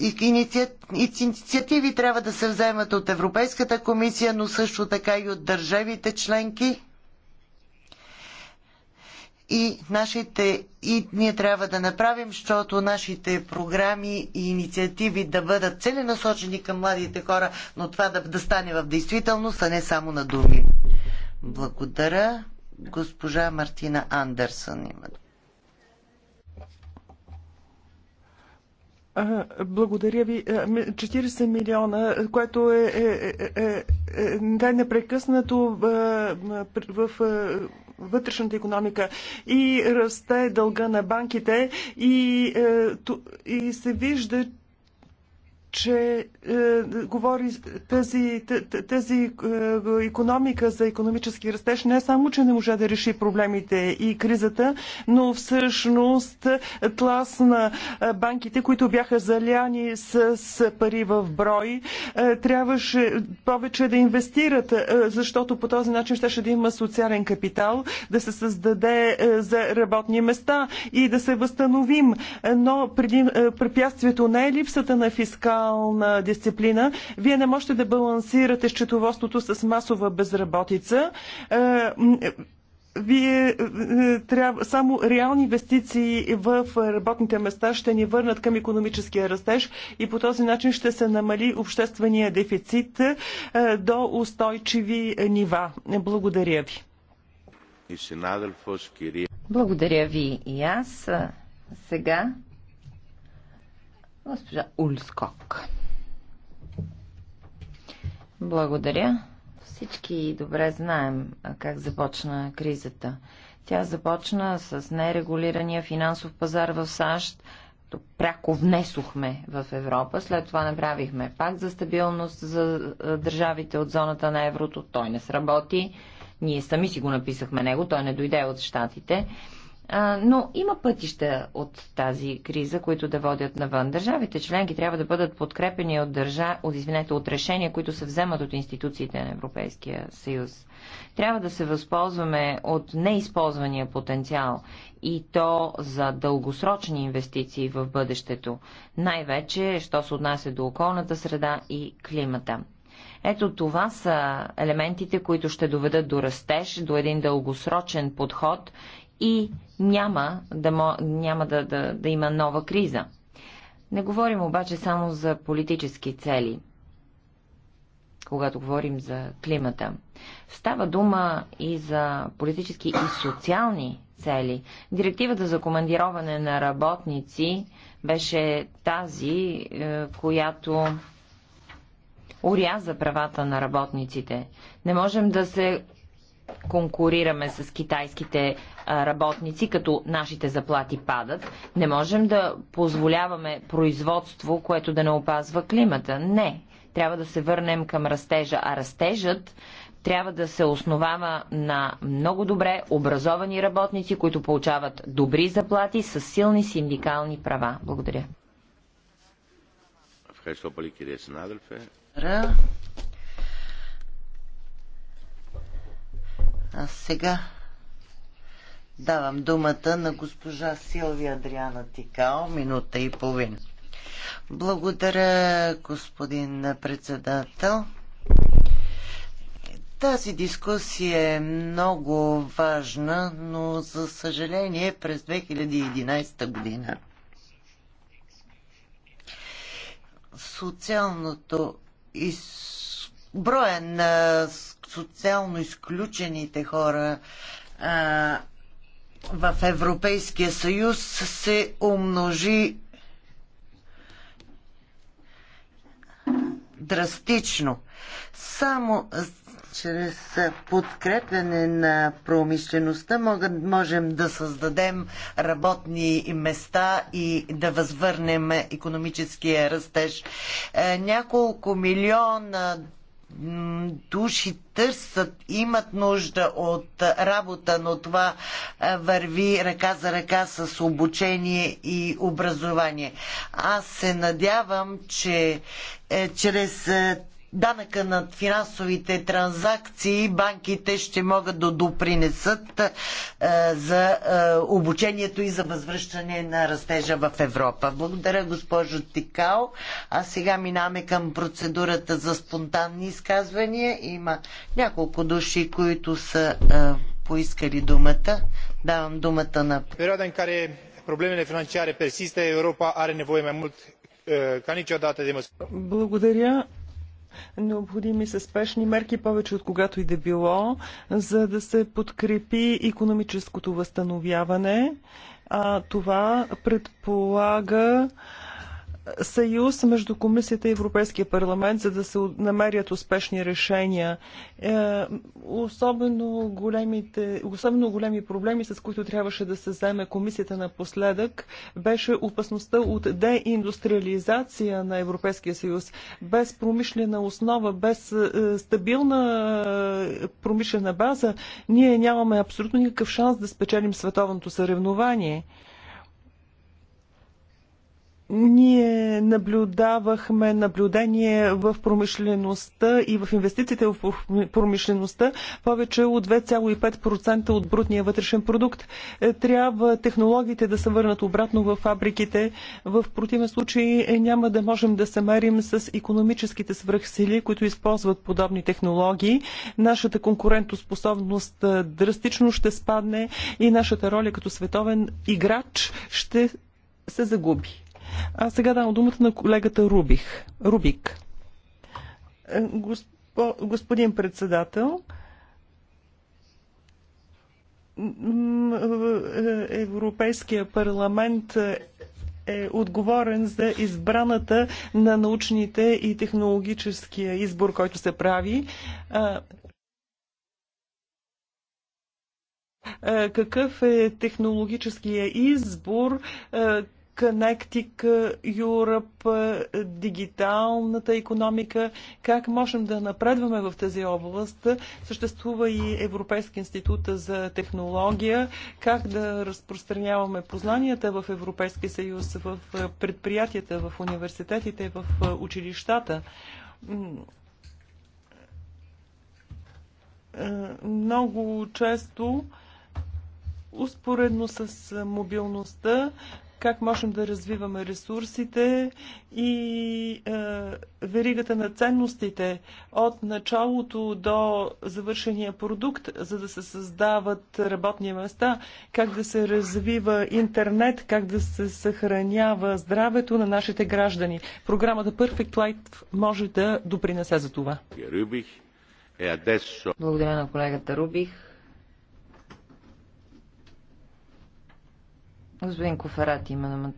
инициативи трябва да се вземат от Европейската комисия, но също така и от държавите членки. И, нашите, и ние трябва да направим, защото нашите програми и инициативи да бъдат целенасочени към младите хора, но това да, да стане в действителност, а не само на думи. Благодаря. Госпожа Мартина Андерсън има Благодаря ви. 40 милиона, което е, е, е, е, е непрекъснато в, в, в вътрешната економика и расте дълга на банките и, е, и се вижда, че е, говори тази, тази е, економика за економически растеж не само, че не може да реши проблемите и кризата, но всъщност тласна е, банките, които бяха заляни с, с пари в брой, е, трябваше повече да инвестират, е, защото по този начин щеше да има социален капитал, да се създаде е, за работни места и да се възстановим. Е, но преди, е, препятствието не е липсата на фискал фискална дисциплина. Вие не можете да балансирате счетоводството с масова безработица. Е, вие е, трябва само реални инвестиции в работните места ще ни върнат към економическия растеж и по този начин ще се намали обществения дефицит е, до устойчиви нива. Благодаря ви. Благодаря ви и аз. Сега Госпожа Ульскок. Благодаря. Всички добре знаем как започна кризата. Тя започна с нерегулирания финансов пазар в САЩ, пряко внесохме в Европа. След това направихме пакт за стабилност за държавите от зоната на еврото. Той не сработи. Ние сами си го написахме него. Той не дойде от щатите но има пътища от тази криза, които да водят навън. Държавите членки трябва да бъдат подкрепени от, държа... от, извинете, от решения, които се вземат от институциите на Европейския съюз. Трябва да се възползваме от неизползвания потенциал и то за дългосрочни инвестиции в бъдещето, най-вече, що се отнася до околната среда и климата. Ето това са елементите, които ще доведат до растеж, до един дългосрочен подход и няма да, няма да, да, да има нова криза. Не говорим обаче само за политически цели, когато говорим за климата. Става дума и за политически и социални цели. Директивата за командироване на работници беше тази, е, която уряза правата на работниците. Не можем да се конкурираме с китайските работници, като нашите заплати падат. Не можем да позволяваме производство, което да не опазва климата. Не. Трябва да се върнем към растежа. А растежът трябва да се основава на много добре образовани работници, които получават добри заплати с силни синдикални права. Благодаря. А сега давам думата на госпожа Силвия Адриана Тикао, минута и половина. Благодаря, господин председател. Тази дискусия е много важна, но за съжаление през 2011 година социалното из... броя на социално изключените хора а, в Европейския съюз се умножи драстично. Само чрез подкрепяне на промишлеността можем да създадем работни места и да възвърнем економическия растеж. Е, няколко милиона души търсят, имат нужда от работа, но това върви ръка за ръка с обучение и образование. Аз се надявам, че е, чрез е, данъка над финансовите транзакции банките ще могат да допринесат е, за е, обучението и за възвръщане на растежа в Европа. Благодаря, госпожо Тикао. А сега минаваме към процедурата за спонтанни изказвания. Има няколко души, които са е, поискали думата. Давам думата на... Периода, în care problemele financiare persistă, Europa are nevoie mai mult ca niciodată de Благодаря. Необходими са спешни мерки повече от когато и да било, за да се подкрепи економическото възстановяване. А това предполага съюз между Комисията и Европейския парламент, за да се намерят успешни решения. Е, особено, големите, особено големи проблеми, с които трябваше да се вземе Комисията напоследък, беше опасността от деиндустриализация на Европейския съюз. Без промишлена основа, без е, стабилна е, промишлена база, ние нямаме абсолютно никакъв шанс да спечелим световното съревнование. Ние наблюдавахме наблюдение в промишлеността и в инвестициите в промишлеността повече от 2,5% от брутния вътрешен продукт. Е, трябва технологиите да се върнат обратно в фабриките. В противен случай е, няма да можем да се мерим с економическите свръхсили, които използват подобни технологии. Нашата конкурентоспособност е, драстично ще спадне и нашата роля като световен играч ще се загуби. А сега давам думата на колегата Рубих. Рубик. Е, госпо, господин председател, е, е, Европейския парламент е отговорен за избраната на научните и технологическия избор, който се прави. Какъв е технологическия избор? Connectic, uh, Europe, uh, дигиталната економика, как можем да напредваме в тази област. Съществува и Европейски институт за технология, как да разпространяваме познанията в Европейския съюз, в предприятията, в университетите, в училищата много често успоредно с мобилността как можем да развиваме ресурсите и е, веригата на ценностите от началото до завършения продукт, за да се създават работни места, как да се развива интернет, как да се съхранява здравето на нашите граждани. Програмата Perfect Life може да допринесе за това. Благодаря на колегата Рубих. Господин Коферат има думата.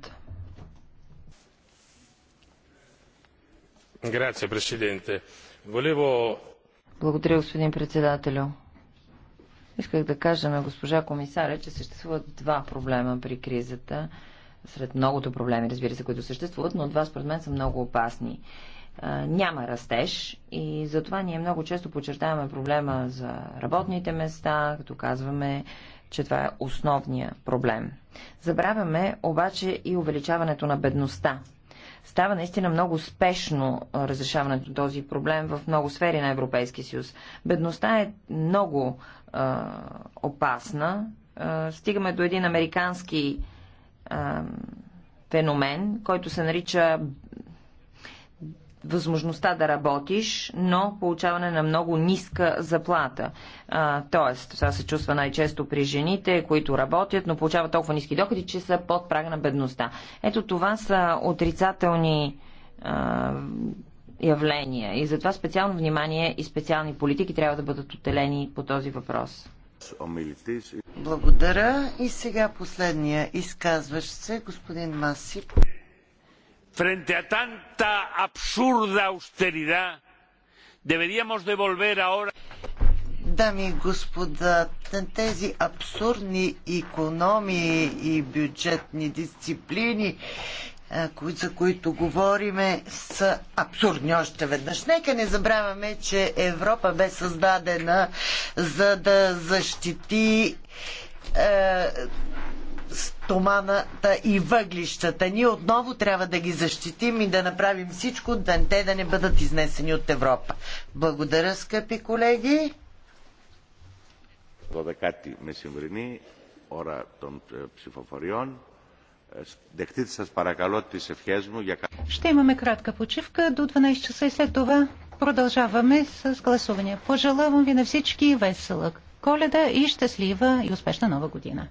Грация, президенте. Волево... Благодаря, господин председателю. Исках да кажа на госпожа комисаря, че съществуват два проблема при кризата. Сред многото проблеми, разбира се, които съществуват, но два според мен са много опасни няма растеж и затова ние много често подчертаваме проблема за работните места, като казваме, че това е основния проблем. Забравяме обаче и увеличаването на бедността. Става наистина много спешно разрешаването на този проблем в много сфери на Европейския съюз. Бедността е много е, опасна. Е, стигаме до един американски е, феномен, който се нарича възможността да работиш, но получаване на много ниска заплата. А, тоест, това се чувства най-често при жените, които работят, но получават толкова ниски доходи, че са под прага на бедността. Ето това са отрицателни а, явления и затова специално внимание и специални политики трябва да бъдат отделени по този въпрос. Благодаря. И сега последния изказващ се, господин Масип frente a tanta absurda austeridad, deberíamos devolver ahora. Дами и господа, тези абсурдни економии и бюджетни дисциплини, за които говориме, са абсурдни още веднъж. Нека не забравяме, че Европа бе създадена за да защити е, стоманата и въглищата. Ние отново трябва да ги защитим и да направим всичко, да те да не бъдат изнесени от Европа. Благодаря, скъпи колеги. Δωδεκάτη μεσημβρινή, ώρα των ψηφοφοριών. Δεχτείτε σας παρακαλώ τις ευχές μου για... Ще имаме кратка почивка до 12 часа и след това продължаваме с гласувания. Пожелавам ви на всички весела коледа и щастлива и успешна нова година.